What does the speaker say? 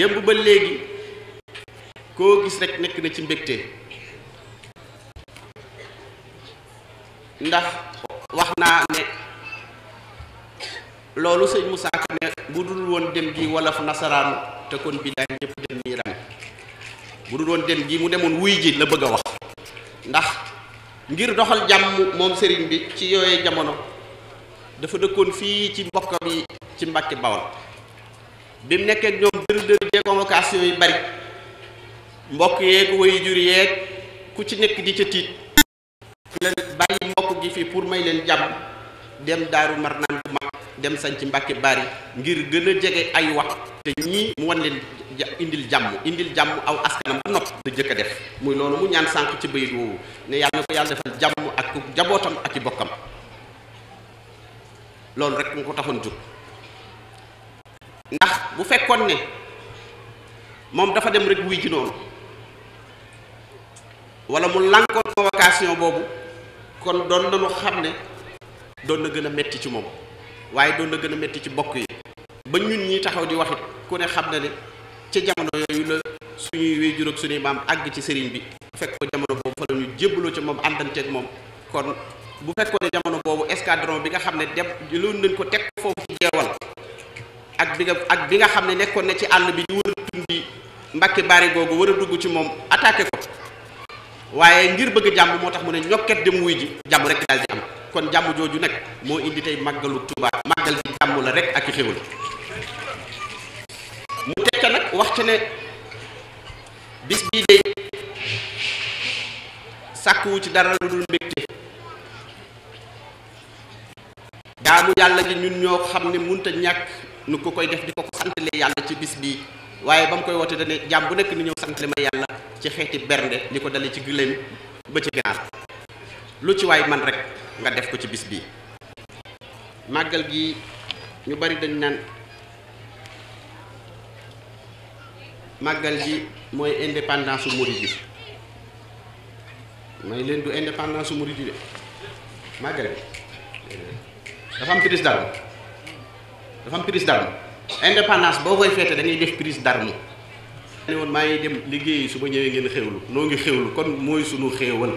démb ba léegi koo gis rek nekk na ci mbégte ndax wax naa ne loolu sëñ Moussa Ka ne bu dul woon dem gi wolof nasaraanu te kon bi daay ñëpp dem nii ran bu dul woon dem gi mu demoon wuy ji la bëgg a wax ndax ngir doxal jàmm moom sëriñ bi ci yooyee jamono dafa dëkkoon fii ci mbokk bi ci Mbàkke Bawol bi mu nekkee ñoom dër dër jee convocation yi bari mbokk yeeg wayu jur yeeg ku ci nekk di ca tiit bàyyi mbokk gi fii pour may leen jàmm dem daaru marnaan bu mag dem sañ ci mbàkke bari ngir gën a jege ay wax te ñii mu wan leen indil jàmm indil jàmm aw askanam ba nopp la jëkk a def muy loolu mu ñaan sànq ci bayit woowu ne yàlla na ko yàlla defal jàmm ak jabootam ak i bokkam loolu rek mu ko taxoon jóg ndax bu fekkoon ne moom dafa dem rek wuy ji noonu walla mu lànkoon convocation boobu kon doon na nañu xam ne doon na gën a metti ci moom waaye doon na gën a metti ci bokk yi ba ñun ñi taxaw di waxit ku ne xam na ne ca jamono yooyu la suñuy wéyjur ak suñuy maam àgg ci sëriñ bi fekk ko jamono boobu fa la ñu jébbaloo ci moom àndanteeg moom kon bu fekkoon ne jamono boobu escadron bi nga xam ne dem loolu nañ ko teg foofu bi ak bi nga xam ne nekkoon na ci àll bi ñu wër a tundi mbàkke bari googu war a dugg ci moom attaqué ko waaye ngir bëgg jàmm moo tax mu ne ñokket dem wuy ji jàmm rek daal di kon jàmm jooju nag moo indi màggalu Tuubaa màggal gi jàmm rek ak i xéwal mu tekka nag ne bis bii de sàkkuwu ci dara lu dul mbégte jaamu yàlla gi ñun ñoo xam ne munta ñàkk nu ko koy def di ko ko santale yàlla ci bis bii waaye ba mu koy woote dane jàmm bu nekk ni ñëw santale ma yàlla ci xeeti bernde li ko dale ci gëléem ba ci ganaar lu ci waay man rek nga def ko ci bis bii màggal gi ñu bari dañ naan màggal gi mooy indépendance su murid bi may leen du indépendance su murid bi de màggal bi dafa am crise daal dafa am prise d'arme boo koy feete dañuy def prise d'arme ne woon maa ngi dem liggéey su ba ñëwee ngeen xewlu noo ngi xewlu kon mooy sunu xéewal